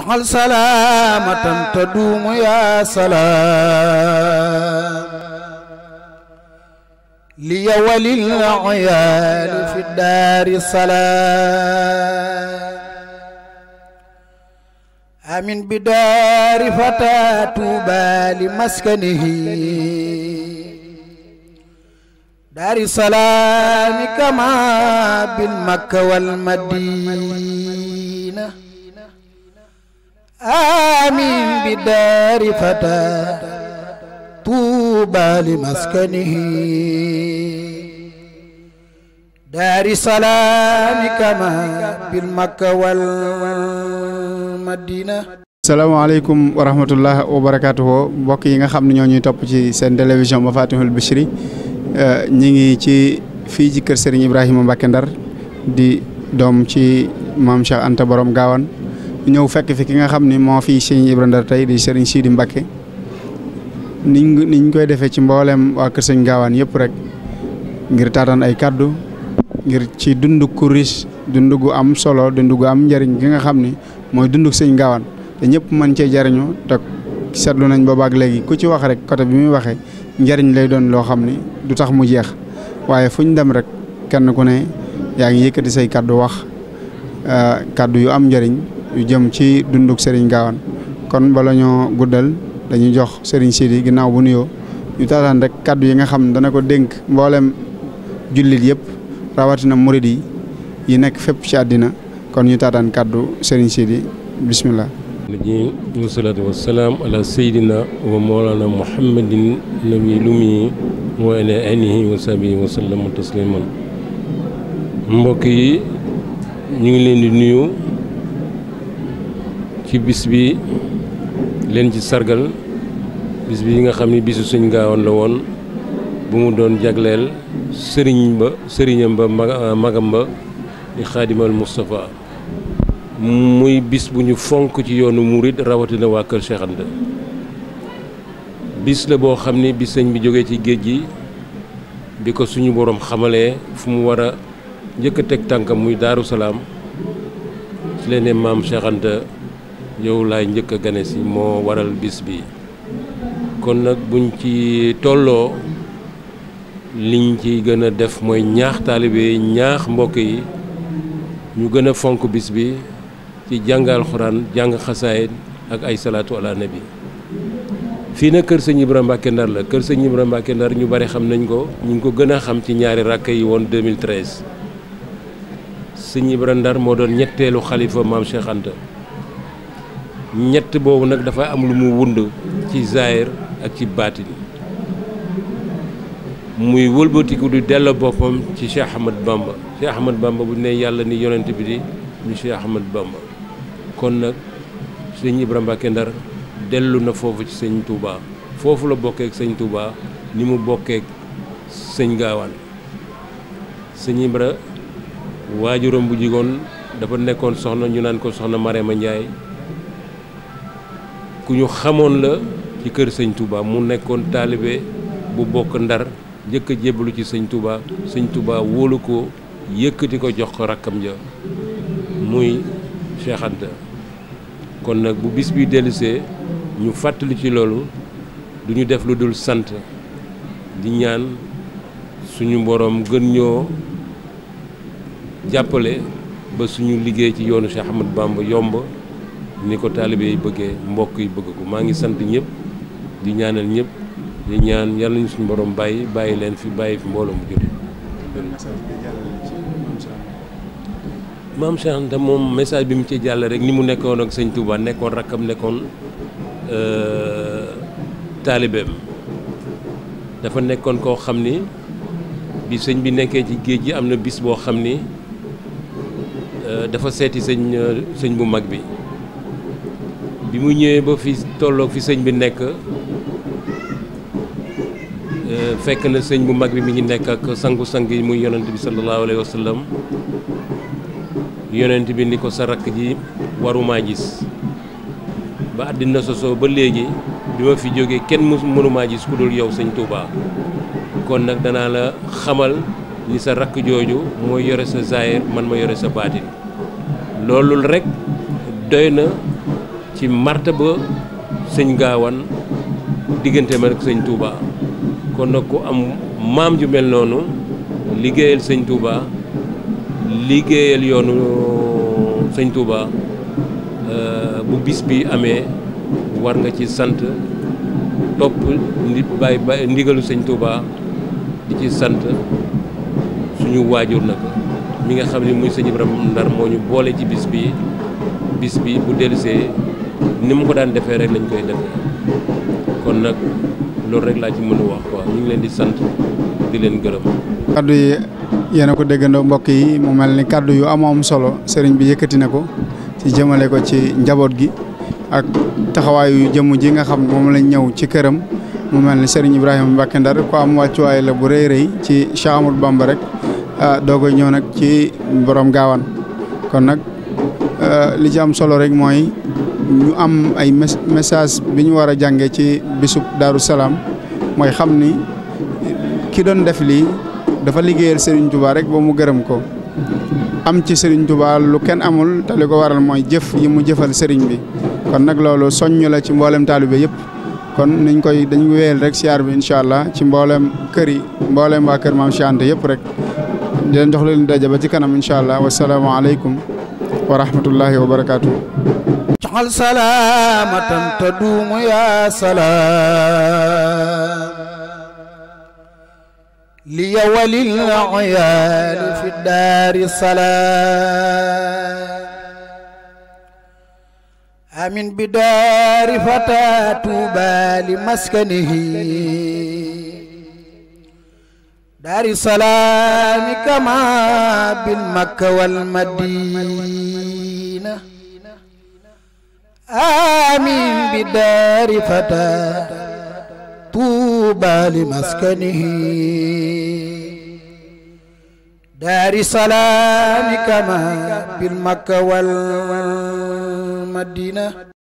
taxal salaamatan taduumu yaa salaam li yawalil ayaali fi daari salaam amin bi daari fataa tuuba li maskanihi daari salaami kama bil makka wal madina آمين بدار فتى طوبى لمسكنه دار سلام كما بالمكة والمدينة salaamaaleykum wa rahmatullah wa barakaatuhu mbokk yi nga xam ne ñoo ñuy topp ci seen télévision ba Fatihul Bichri euh, ñi ngi ci fii ci kër Serigne Ibrahima Mbacke Ndar di doom ci maam Cheikh Anta Borom Gaawaan ñëw fekk fi ki nga xam ni moo fi Serigne Ibra Ndar tey di Serigne Sidi Mbacké niñ niñ koy defee ci mboolem waa Kër Sëñ Gaawaan yëpp rek ngir taataan ay kàddu ngir ci dund ku riche dund gu am solo dund am njëriñ gi nga xam ni mooy dunduk Sëñ Gaawaan te ñëpp mën cee jariñu te seetlu nañ boobaak léegi ku ci wax rek côté bi muy waxee njëriñ lay doon loo xam ni du tax mu jeex waaye fu ñu dem rek kenn ku ne yaa ngi yëkkati say kàddu wax euh, kàddu yu am njëriñ. yu jëm ci dunduk Serigne Gawane kon bala ñoo guddal dañuy jox Serigne Sidi ginnaaw bu nuyoo ñu taataan rek kàddu yi nga xam ne dana ko dénk mboolem jullit yëpp rawatina murid yi yi nekk fépp ci àddina kon ñu taataan kàddu Serigne Sidi bismillah ji wasalaatu wasalaam ala seydina wa moolana muhammadin nabi lumi wa mbokk yi ñu ngi leen di nuyu ci bis bi leen ci sargal bis bi nga xam ni bisu Sëñ Gaawaan la woon bu mu doon jagleel sëriñ ba sëriñam ba ah, magam ba di xaadimal Moustapha muy bis bu ñu fonk ci yoonu murit rawatina waa Kër Cheikh Anta bis la boo xam ni bi sëñ bi jógee ci géej gi bi ko suñu boroom xamalee fu mu war a njëkk a teg tànkam muy Daaru Salaam ci leen maam Cheikh yow laay njëkk a gane si moo waral bis bi kon nag buñ ci tolloo liñ ci gën a def mooy ñaax taalibe ñaax mbokk yi ñu gën a fonk bis bi ci jàngal xuraan jàng xasaayit ak ay salaatu ala bi fii nag kër sëñ Ibra Mbàkke Ndar la kër sëñ Ibra Mbàkke Ndar ñu bari xam nañ ko ñu ngi ko gën a xam ci ñaari ràkk yi woon 2013 sëñ Ibra Ndar moo doon ñetteelu xalifa maam Cheikh ñett boobu nag dafa am lu mu wund ci zaahir ak ci baatin muy wëlbatiku di delloo boppam ci Cheikh Ahmad Bamba Cheikh Ahmad Bamba bu ne yàlla ni yonent bi di ñu Cheikh Ahmad Bamba kon nag sëñ Ibra Mbàkke Ndar dellu na foofu ci sëñ Touba foofu la bokkeek sëñ Touba ni mu bokkeek sëñ Gaawaan sëñ Ibra waajuram bu jigoon dafa nekkoon soxna ñu naan ko soxna Marema Njaay ku ñu xamoon la ci kër sëñ Touba mu nekkoon taalibe bu bokk ndar jëkk a jébbalu ci sëñ Touba sëñ Touba wóolu ko yëkkati ko jox ko rakkam ja muy Cheikh kon nag bu bis bi dellusee ñu fàttali ci loolu du ñu def lu dul sant di ñaan suñu boroom gën ñoo jàppale ba suñu liggéey ci yoonu Cheikh Ahmad Bamba yomb ni ko taalibe yi bëggee mbokk yi bëgg ko maa ngi sant ñëpp di ñaanal ñëpp di ñaan yàlla ñu suñu borom bàyyi bàyyi leen fi bàyyi fi mbooloo mu jullit maam Cheikh Anta moom message bi mu ci jàll rek ni mu nekkoon ak sëñ Touba nekkoon rakkam nekkoon euh, taalibeem dafa nekkoon koo xam ni bi sëñ bi nekkee ci géej gi am na bis boo xam ni euh, dafa seeti sëñ euh, sëñ bu mag bi bi mu ñëwee ba fi tolloog fi sëñ bi nekk euh, fekk na sëñ bu mag bi mi ngi nekk ak sangu-sang yi muy yonent bi sallallahu alayhi wa sallam yonent bi ni ko sa rakk ji warumaa gis ba àddina sosoo ba léegi bi ma fi jógee kenn mu mënumaa gis ku dul yow sëñ Touba kon nag danaa la xamal ni sa rakk jooju mooy yore sa zaahir man ma yore sa baatin loolul rek doy na ci martaba sëñ Gaawaan digganteem ak sëñ Touba kon nag ku am maam ju mel noonu liggéeyal sëñ Touba liggéeyal yoonu sëñ Touba euh, bu bis bi amee war nga ci sant topp ndi bàyyi bàyyi ndigalu sëñ Touba di ci sant suñu waajur nag mi nga xam ne muy sëñ Ibrahima Ndar moo ñu boole ci bis bi bis bi bu dellusee ni mu ko daan defee rek lañ koy defee kon nag loolu rek laa ci mën wax quoi ñu leen di sant di leen gërëm. kaddu yi a ko déggandoo mbokk yi mu mel ni kaddu yu am am solo sëriñ bi yëkkati na ko ci jëmale ko ci njaboot gi ak taxawaayu jëmm ji nga xam moom lañ ñëw ci këram mu mel ni sëriñ Ibrahima Mbacke Ndar ko am wàccuwaay la bu rëy rëy ci Cheikh Amadou rek ah, doo koy ñëw nag ci borom gaawaan kon nag ah, li ci am solo rek mooy. ñu am ay mes message bi ñu war a jànge ci bisub Daaru Salaam mooy xam ni kii doon def lii dafa liggéeyal Serigne Touba rek ba mu gërëm ko am ci Serigne Touba lu kenn amul te li ko waral mooy jëf yi mu jëfal Serigne bi kon nag loolu soññ la ci mboolem taalibe yëpp kon niñ koy dañu wéyal rek siyaar bi incha allah ci mbooleem kër yi mboolem waa kër Maam Cheikh Anta yëpp rek di leen jox leen daje ba ci kanam incha allah wasalaamaaleykum wa rahmatullahi wa barakaatu jaxal salaamatan taduumu yaa salaam li yawalil ayaali fi daari salaam amin bi daari fataa tuuba li maskanihi daari salaami kama bil makka wal madina amin bi daari fata tuuba li maskanihi daari salaami kama bil makka wal madina